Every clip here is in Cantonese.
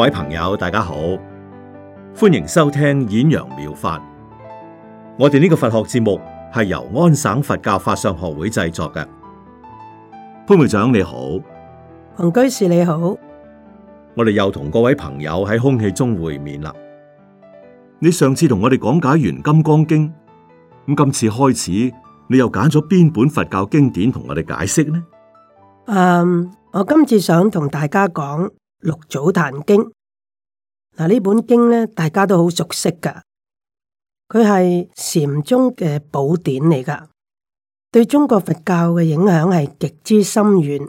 各位朋友，大家好，歡迎收聽演揚妙，妙法。我哋呢個佛學節目係由安省佛教法相學會製作嘅。潘會長你好，黃居士你好，我哋又同各位朋友喺空氣中會面啦。你上次同我哋講解完《金剛經》，咁今次開始，你又揀咗邊本佛教經典同我哋解釋呢？嗯，um, 我今次想同大家講。六祖壇經嗱，呢本經呢，大家都好熟悉噶，佢係禪宗嘅寶典嚟噶，對中國佛教嘅影響係極之深遠，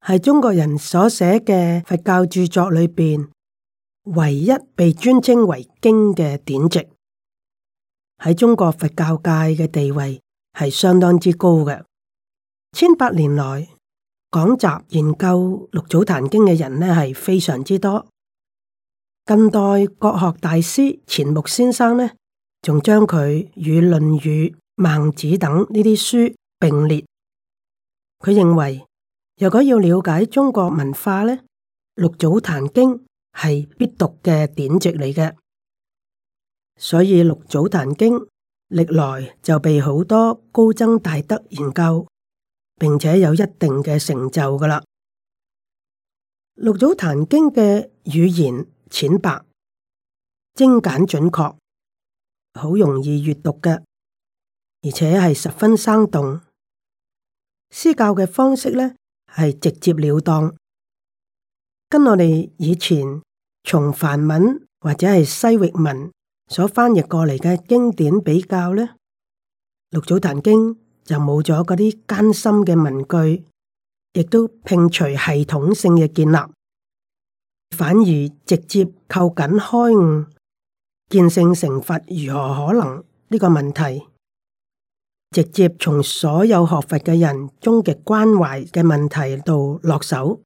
係中國人所寫嘅佛教著作裏邊唯一被尊稱為經嘅典籍，喺中國佛教界嘅地位係相當之高嘅，千百年來。講習研究六祖壇經嘅人呢，係非常之多。近代國學大師錢穆先生呢，仲將佢與《論語》《孟子》等呢啲書並列。佢認為，如果要了解中國文化呢，六祖壇經係必讀嘅典籍嚟嘅。所以六祖壇經歷來就被好多高僧大德研究。並且有一定嘅成就噶啦，《六祖壇經》嘅語言淺白、精簡準確、準確，好容易閱讀嘅，而且係十分生動。施教嘅方式呢係直接了當，跟我哋以前從梵文或者係西域文所翻譯過嚟嘅經典比較呢，《六祖壇經》。就冇咗嗰啲艱深嘅文句，亦都摒除系統性嘅建立，反而直接扣緊開悟見性成佛，如何可能呢個問題，直接從所有學佛嘅人終極關懷嘅問題度落手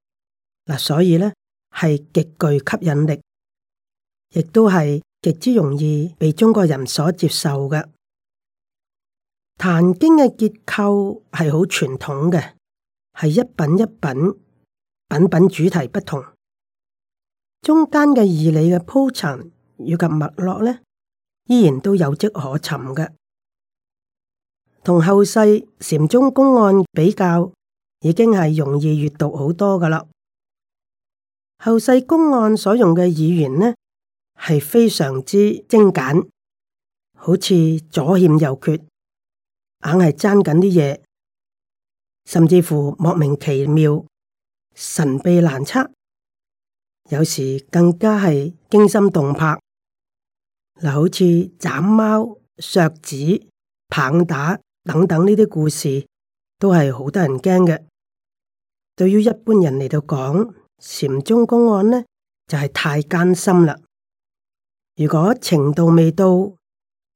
嗱，所以呢係極具吸引力，亦都係極之容易被中國人所接受嘅。壇經嘅結構係好傳統嘅，係一品一品，品品主題不同。中間嘅義理嘅鋪陳以及脈絡呢，依然都有跡可尋嘅。同後世禪宗公案比較，已經係容易閱讀好多㗎喇。後世公案所用嘅語言呢，係非常之精簡，好似左欠右缺。硬係爭緊啲嘢，甚至乎莫名其妙、神秘難測，有時更加係驚心動魄嗱，好似斬貓、削子、棒打等等呢啲故事，都係好得人驚嘅。對於一般人嚟到講禪宗公案呢，就係太艱辛啦。如果程度未到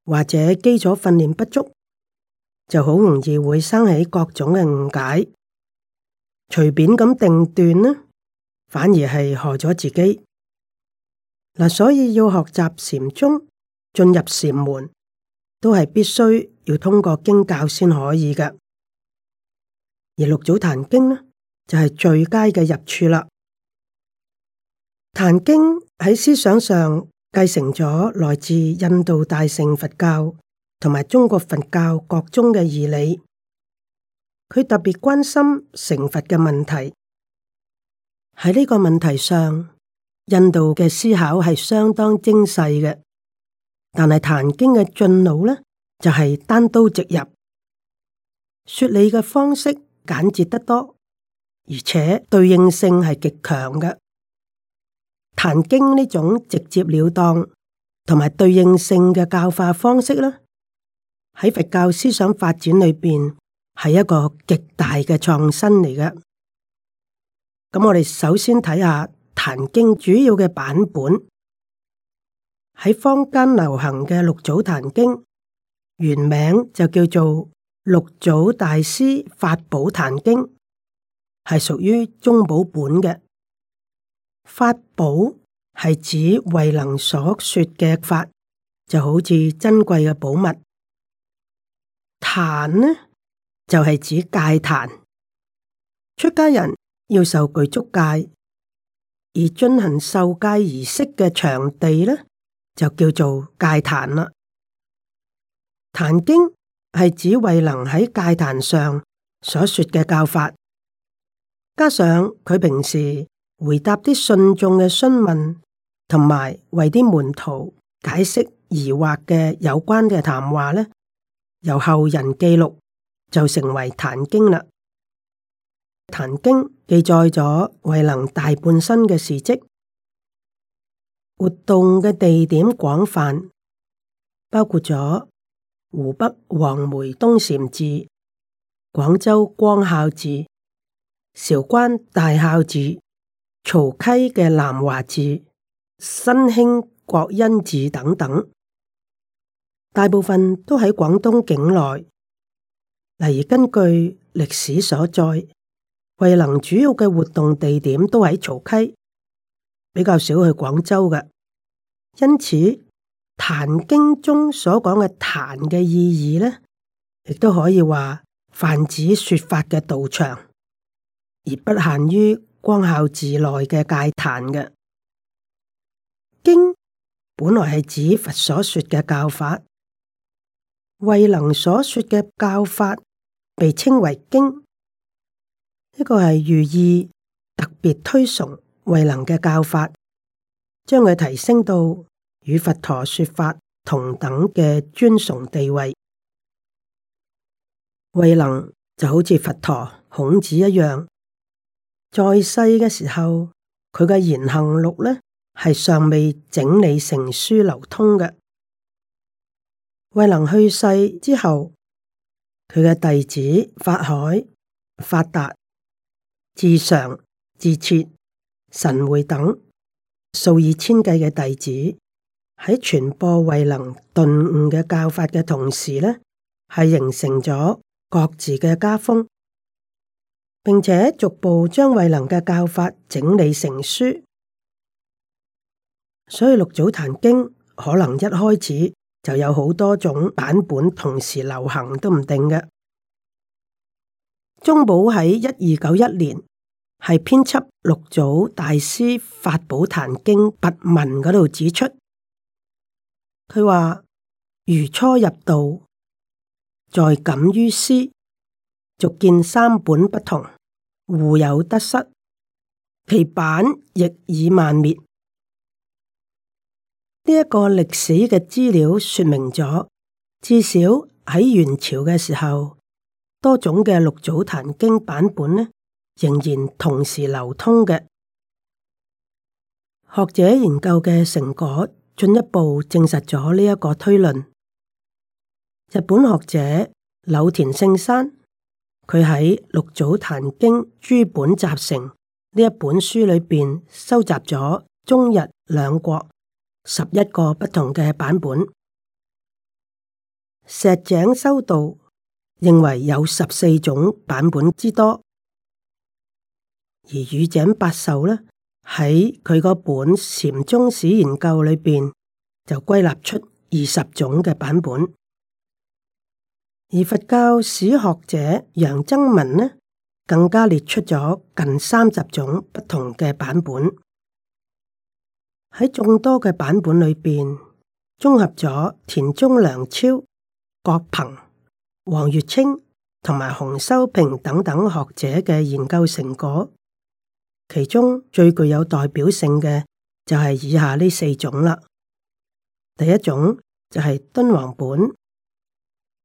或者基礎訓練不足，就好容易會生起各種嘅誤解，隨便咁定斷呢，反而係害咗自己。嗱，所以要學習禪宗，進入禪門，都係必須要通過經教先可以嘅。而六祖壇經呢，就係、是、最佳嘅入處啦。壇經喺思想上繼承咗來自印度大乘佛教。同埋中國佛教各宗嘅義理，佢特別關心成佛嘅問題。喺呢個問題上，印度嘅思考係相當精細嘅，但係《壇經》嘅進路咧就係單刀直入，說理嘅方式簡潔得多，而且對應性係極強嘅。《壇經》呢種直接了當同埋對應性嘅教化方式咧。喺佛教思想發展裏邊，係一個極大嘅創新嚟嘅。咁我哋首先睇下《壇經》主要嘅版本，喺坊間流行嘅六祖壇經，原名就叫做《六祖大師法寶壇經》，係屬於中寶本嘅。法寶係指慧能所說嘅法，就好似珍貴嘅寶物。壇呢就係、是、指戒壇，出家人要受具足戒而進行受戒儀式嘅場地呢，就叫做戒壇啦。壇經係指慧能喺戒壇上所說嘅教法，加上佢平時回答啲信眾嘅詢問，同埋為啲門徒解釋疑惑嘅有關嘅談話呢。由後人記錄，就成為《壇經》啦。《壇經》記載咗慧能大半生嘅事跡，活動嘅地點廣泛，包括咗湖北黃梅東禪寺、廣州光孝寺、韶關大孝寺、曹溪嘅南華寺、新興國恩寺等等。大部分都喺廣東境內，例如根據歷史所在，慧能主要嘅活動地點都喺曹溪，比較少去廣州嘅。因此，壇經中所講嘅壇嘅意義呢，亦都可以話泛指說法嘅道場，而不限於光孝寺內嘅戒壇嘅。經本來係指佛所說嘅教法。慧能所說嘅教法被稱為經，一、這個係寓意特別推崇慧能嘅教法，將佢提升到與佛陀說法同等嘅尊崇地位。慧能就好似佛陀、孔子一樣，在世嘅時候，佢嘅言行錄呢，係尚未整理成書流通嘅。慧能去世之後，佢嘅弟子法海、法達、智常、智徹、神會等數以千計嘅弟子，喺傳播慧能頓悟嘅教法嘅同時呢，係形成咗各自嘅家風，並且逐步將慧能嘅教法整理成書，所以《六祖壇經》可能一開始。就有好多種版本同時流行都唔定嘅。宗寶喺一二九一年係編輯六祖大師法寶壇經跋文嗰度指出，佢話如初入道，再感於斯，逐見三本不同，互有得失，其版亦已漫滅。呢一個歷史嘅資料說明咗，至少喺元朝嘅時候，多種嘅六祖壇經版本呢，仍然同時流通嘅。學者研究嘅成果進一步證實咗呢一個推論。日本學者柳田聖山，佢喺《六祖壇經諸本集成》呢一本書裏邊收集咗中日兩國。十一個不同嘅版本，石井修道認為有十四種版本之多，而宇井伯壽咧喺佢個本《禪宗史研究裏面》裏邊就歸納出二十種嘅版本，而佛教史學者楊曾文呢更加列出咗近三十種不同嘅版本。喺眾多嘅版本裏邊，綜合咗田中良超、郭鵬、黃月清同埋洪修平等等學者嘅研究成果，其中最具有代表性嘅就係以下呢四種啦。第一種就係敦煌本，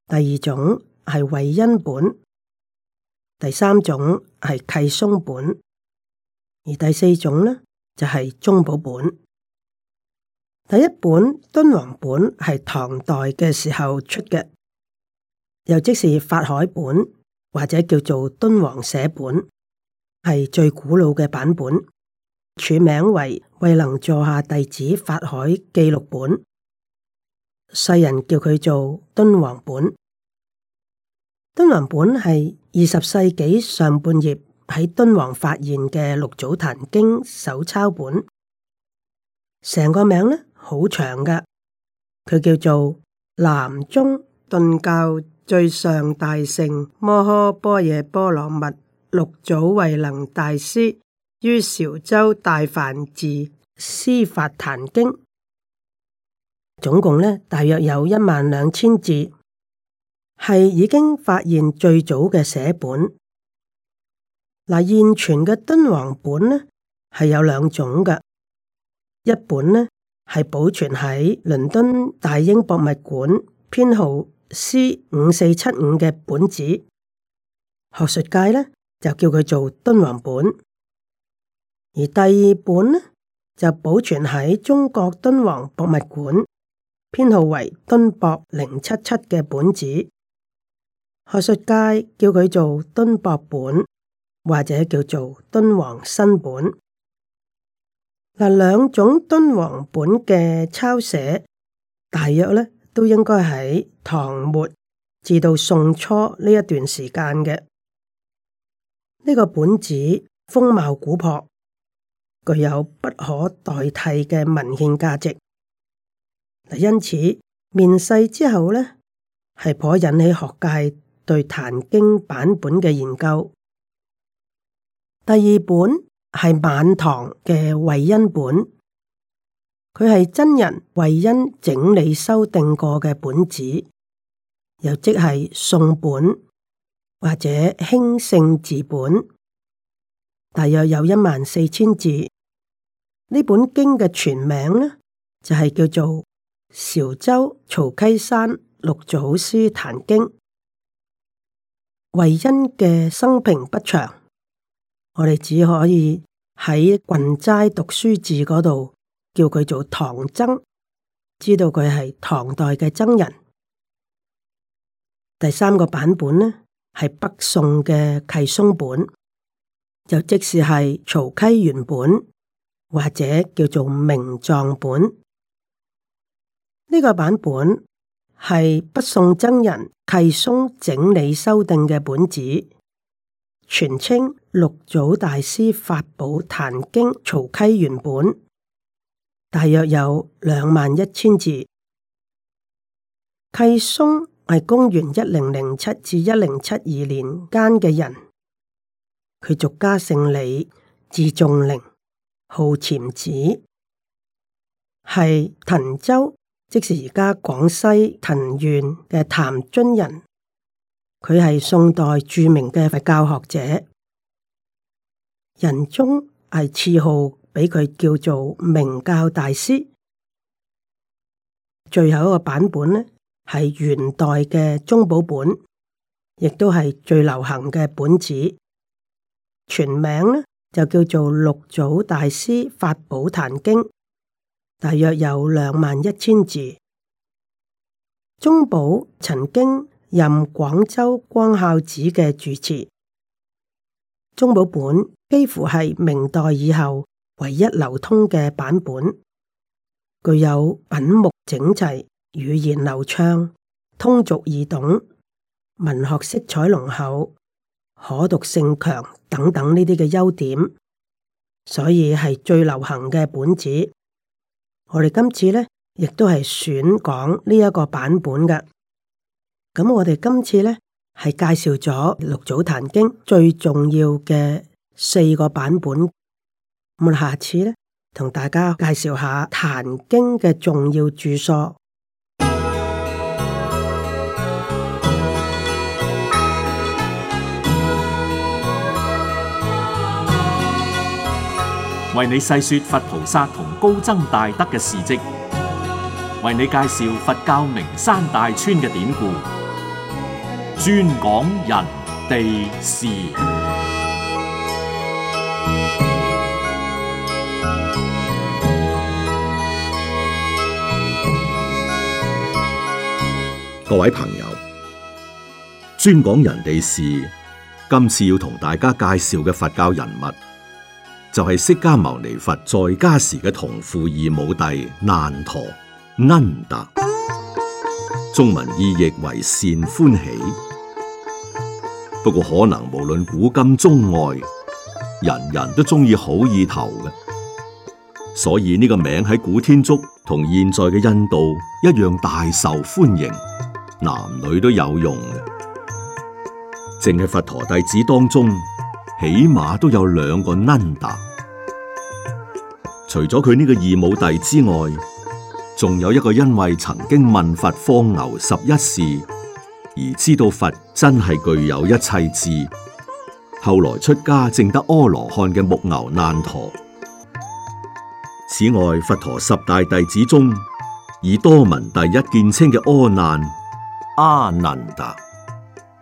第二種係惠昕本，第三種係契嵩本，而第四種呢就係、是、宗寶本。第一本敦煌本係唐代嘅時候出嘅，又即是法海本或者叫做敦煌寫本，係最古老嘅版本，署名為慧能座下弟子法海記錄本，世人叫佢做敦煌本。敦煌本係二十世紀上半葉喺敦煌發現嘅六祖壇經手抄本，成個名呢。好長噶，佢叫做南宗頓教最上大乘摩訶般若波羅蜜六祖慧能大師於韶州大梵寺施法壇經，總共呢大約有一萬兩千字，係已經發現最早嘅寫本。嗱，現存嘅敦煌本呢係有兩種嘅，一本呢。係保存喺倫敦大英博物館編號 C 五四七五嘅本子，學術界呢，就叫佢做敦煌本；而第二本呢，就保存喺中國敦煌博物館，編號為敦博零七七嘅本子，學術界叫佢做敦博本，或者叫做敦煌新本。嗱，兩種敦煌本嘅抄寫大約咧都應該喺唐末至到宋初呢一段時間嘅。呢、這個本子風貌古樸，具有不可代替嘅文獻價值。嗱，因此面世之後咧，係頗引起學界對壇經版本嘅研究。第二本，係晚唐嘅惠恩本，佢係真人惠恩整理修訂過嘅本子，又即係宋本或者興聖字本，大約有一萬四千字。呢本經嘅全名呢，就係、是、叫做《潮州曹溪山六祖師壇經》。惠恩嘅生平不詳。我哋只可以喺《郡齋讀書志》嗰度叫佢做唐僧，知道佢係唐代嘅僧人。第三個版本呢，係北宋嘅契松本，就即是係曹溪原本，或者叫做明藏本。呢、這個版本係北宋僧人契松整理修訂嘅本子，全稱，六祖大師法寶壇經曹溪原本，大約有兩萬一千字。契松係公元一零零七至一零七二年間嘅人，佢俗家姓李，字仲靈，號潛子，係藤州，即是而家廣西藤縣嘅潭津人。佢係宋代著名嘅佛教學者。人中係次號，畀佢叫做明教大師。最後一個版本呢，係元代嘅中寶本，亦都係最流行嘅本子。全名呢就叫做《六祖大師法寶壇經》，大約有兩萬一千字。中寶曾經任廣州光孝寺嘅住持，中寶本。幾乎係明代以後唯一流通嘅版本，具有品目整齊、語言流暢、通俗易懂、文學色彩濃厚、可讀性強等等呢啲嘅優點，所以係最流行嘅本子。我哋今次呢亦都係選講呢一個版本嘅。咁我哋今次呢係介紹咗六祖壇經最重要嘅。四個版本，咁下次呢，同大家介紹下《壇經》嘅重要著作，為你細說佛菩薩同高僧大德嘅事跡，為你介紹佛教名山大川嘅典故，專講人地事。各位朋友，專講人哋事。今次要同大家介紹嘅佛教人物，就係、是、釋迦牟尼佛在家時嘅同父異母弟難陀恩達。中文意譯為善歡喜。不過可能無論古今中外，人人都中意好意頭嘅，所以呢個名喺古天竺同現在嘅印度一樣大受歡迎。男女都有用嘅，淨係佛陀弟子當中，起碼都有兩個難陀。除咗佢呢個姨母弟之外，仲有一個因為曾經問佛放牛十一事，而知道佛真係具有一切智，後來出家證得阿羅漢嘅牧牛難陀。此外，佛陀十大弟子中，以多聞第一見稱嘅阿難。阿難陀，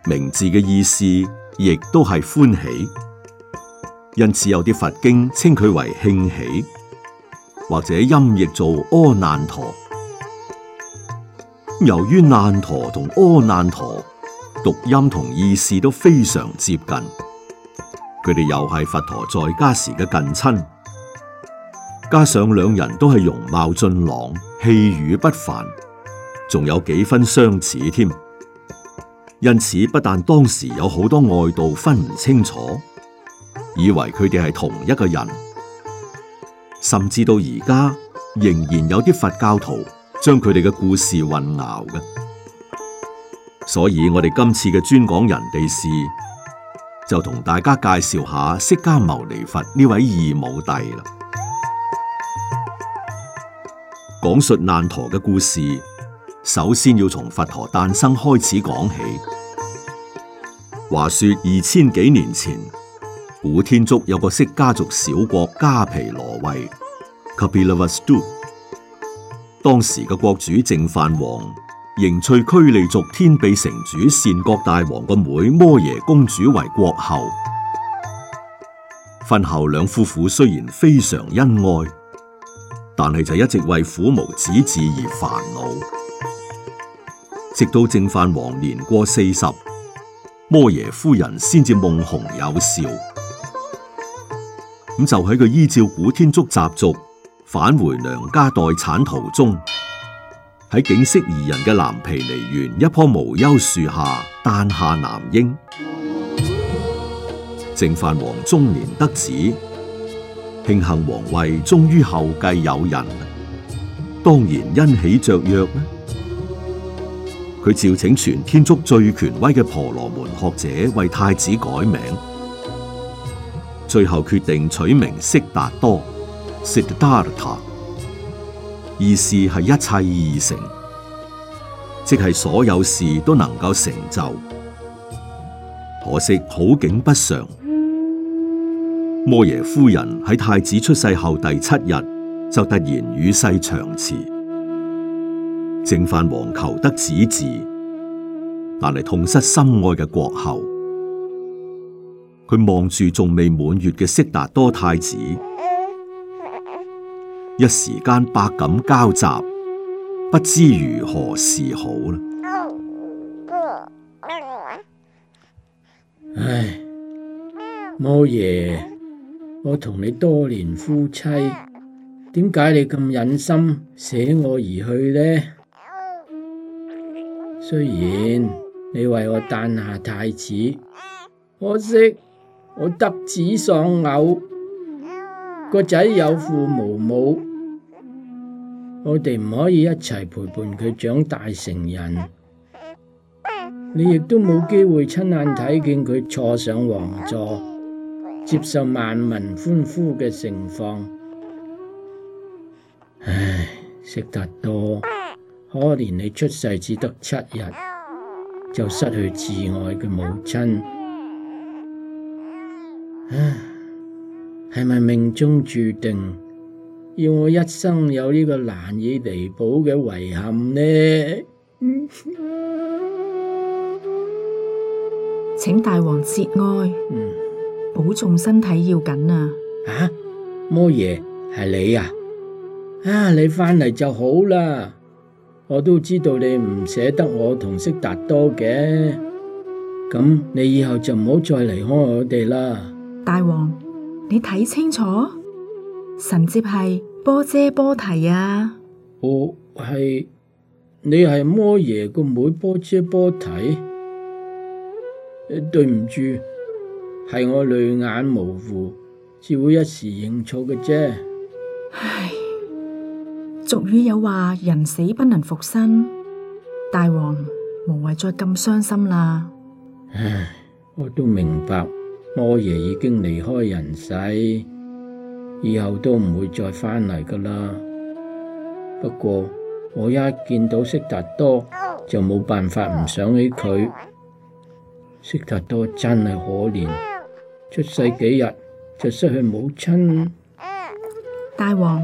名字嘅意思亦都係歡喜，因此有啲佛經稱佢為慶喜，或者音譯做阿難陀。由於難陀同阿難陀讀音同意思都非常接近，佢哋又係佛陀在家時嘅近親，加上兩人都係容貌俊朗、氣宇不凡。仲有幾分相似添，因此不但當時有好多外道分唔清楚，以為佢哋係同一個人，甚至到而家仍然有啲佛教徒將佢哋嘅故事混淆嘅。所以我哋今次嘅專講人哋事，就同大家介紹下釋迦牟尼佛呢位姨母弟啦，講述難陀嘅故事。首先要從佛陀誕生開始講起。話說二千幾年前，古天竺有個釋迦族小國迦毗羅衛 （Kapilavastu）。當時嘅國主淨飯王，迎娶拘利族天臂城主善國大王嘅妹妹摩耶公主為國后。婚後兩夫婦雖然非常恩愛，但係就一直為苦無子嗣而煩惱。直到淨飯王年過四十，摩耶夫人先至夢熊有兆。咁就喺佢依照古天竺習俗，返回娘家待產途中，喺景色宜人嘅藍毗尼園，一棵無憂樹下誕下男嬰。淨飯王中年得子，慶幸皇位終於後繼有人，當然欣喜雀躍。佢召請全天竺最權威嘅婆羅門學者為太子改名，最後決定取名悉達多 （Siddhartha），意思係一切義成，即係所有事都能夠成就。可惜好景不常，摩耶夫人喺太子出世後第七日就突然與世長辭。淨飯王求得子嗣，但係痛失心愛嘅國后。佢望住仲未滿月嘅悉達多太子，一時間百感交集，不知如何是好啦。唉，摩耶，我同你多年夫妻，點解你咁忍心捨我而去呢？雖然你為我誕下太子，可惜我得子喪偶，個仔有父無母，母，我哋唔可以一齊陪伴佢長大成人。你亦都冇機會親眼睇見佢坐上王座，接受萬民歡呼嘅情況。唉，識得多。可憐你出世只得七日，就失去至愛嘅母親，唉，係咪命中注定要我一生有呢個難以彌補嘅遺憾呢？請大王節哀，保重身體要緊啊！啊，摩耶係你啊！啊，你翻嚟，就好啦。我都知道你唔捨得我同悉達多嘅，咁你以後就唔好再離開我哋啦。大王，你睇清楚，神接係波闍波提啊！哦，係你係摩耶個妹妹波闍波提，對唔住，係我淚眼模糊，只會一時認錯嘅啫。唉。俗語有話，人死不能復生，大王無謂再咁傷心啦。唉，我都明白，摩耶已經離開人世，以後都唔會再翻嚟噶啦。不過我一見到悉達多就冇辦法唔想起佢，悉達多真係可憐，出世幾日就失去母親，大王。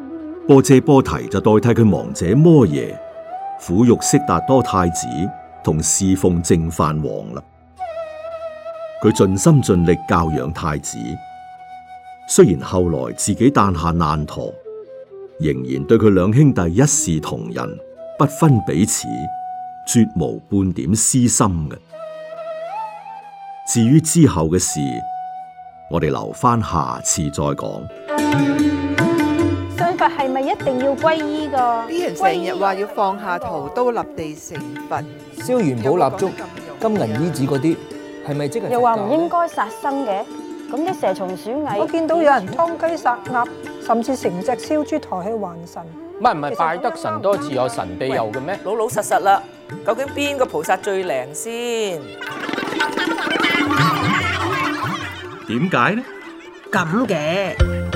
波闍波提就代替佢亡者摩耶撫育悉達多太子同侍奉淨飯王啦。佢盡心盡力教養太子，雖然後來自己誕下難陀，仍然對佢兩兄弟一視同仁，不分彼此，絕無半點私心嘅。至於之後嘅事，我哋留翻下次再講。係咪一定要皈依個？啲人成日話要放下屠刀立地成佛，燒元寶蠟燭、金銀衣紙嗰啲，係咪即係？又話唔應該殺生嘅，咁啲蛇蟲鼠蟻，我見到有人劏雞殺鴨，甚至成隻燒豬抬去還神。唔係唔係，拜得神多自有神庇佑嘅咩？老老實實啦，究竟邊個菩薩最靈先？點解呢？咁嘅。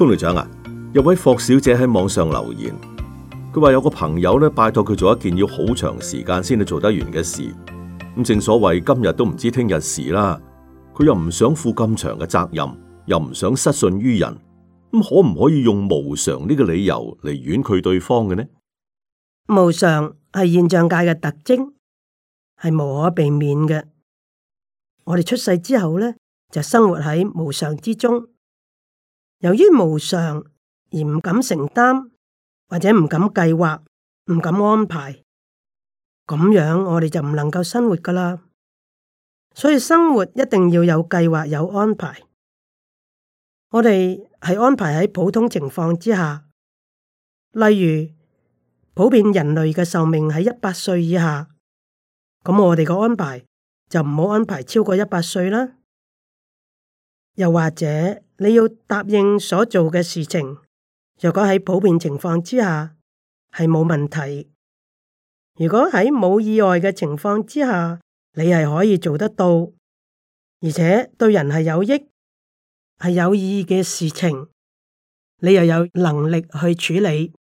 工隊長啊，有位霍小姐喺網上留言，佢話有個朋友咧，拜託佢做一件要好長時間先至做得完嘅事。咁正所謂今日都唔知聽日事啦，佢又唔想負咁長嘅責任，又唔想失信於人，咁可唔可以用無常呢個理由嚟婉拒對方嘅呢？無常係現象界嘅特徵，係無可避免嘅。我哋出世之後咧，就生活喺無常之中。由於無常而唔敢承擔，或者唔敢計劃，唔敢安排，咁樣我哋就唔能夠生活噶啦。所以生活一定要有計劃，有安排。我哋係安排喺普通情況之下，例如普遍人類嘅壽命喺一百歲以下，咁我哋嘅安排就唔好安排超過一百歲啦。又或者你要答應所做嘅事情，若果喺普遍情況之下係冇問題；如果喺冇意外嘅情況之下，你係可以做得到，而且對人係有益、係有意義嘅事情，你又有能力去處理。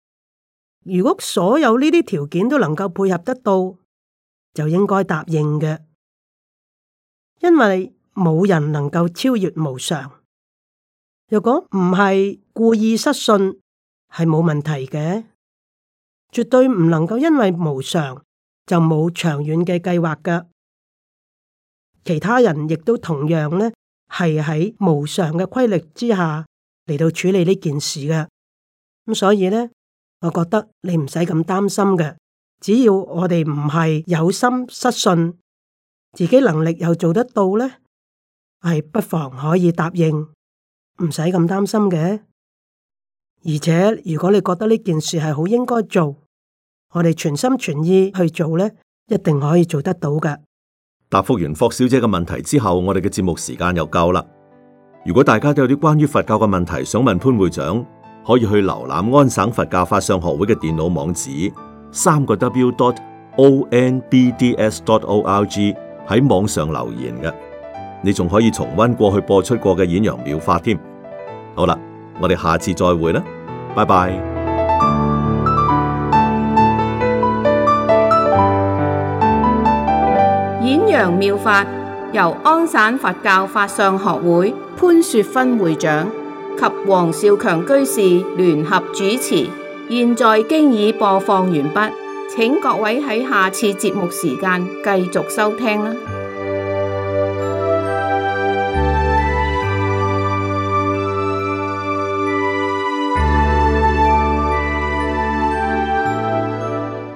如果所有呢啲條件都能夠配合得到，就應該答應嘅，因為。冇人能夠超越無常。若果唔係故意失信，係冇問題嘅。絕對唔能夠因為無常就冇長遠嘅計劃㗎。其他人亦都同樣咧，係喺無常嘅規律之下嚟到處理呢件事嘅。咁所以咧，我覺得你唔使咁擔心嘅。只要我哋唔係有心失信，自己能力又做得到咧。係不妨可以答應，唔使咁擔心嘅。而且如果你覺得呢件事係好應該做，我哋全心全意去做咧，一定可以做得到嘅。答覆完霍小姐嘅問題之後，我哋嘅節目時間又夠啦。如果大家都有啲關於佛教嘅問題想問潘會長，可以去瀏覽安省佛教法相學會嘅電腦網址，三個 W dot O N B D S dot O R G 喺網上留言嘅。你仲可以重溫過去播出過嘅《演揚妙法》添。好啦，我哋下次再會啦，拜拜。《演揚妙法》由安省佛教法相學會潘雪芬會長及黃少強居士聯合主持，現在經已播放完畢，請各位喺下次節目時間繼續收聽啦。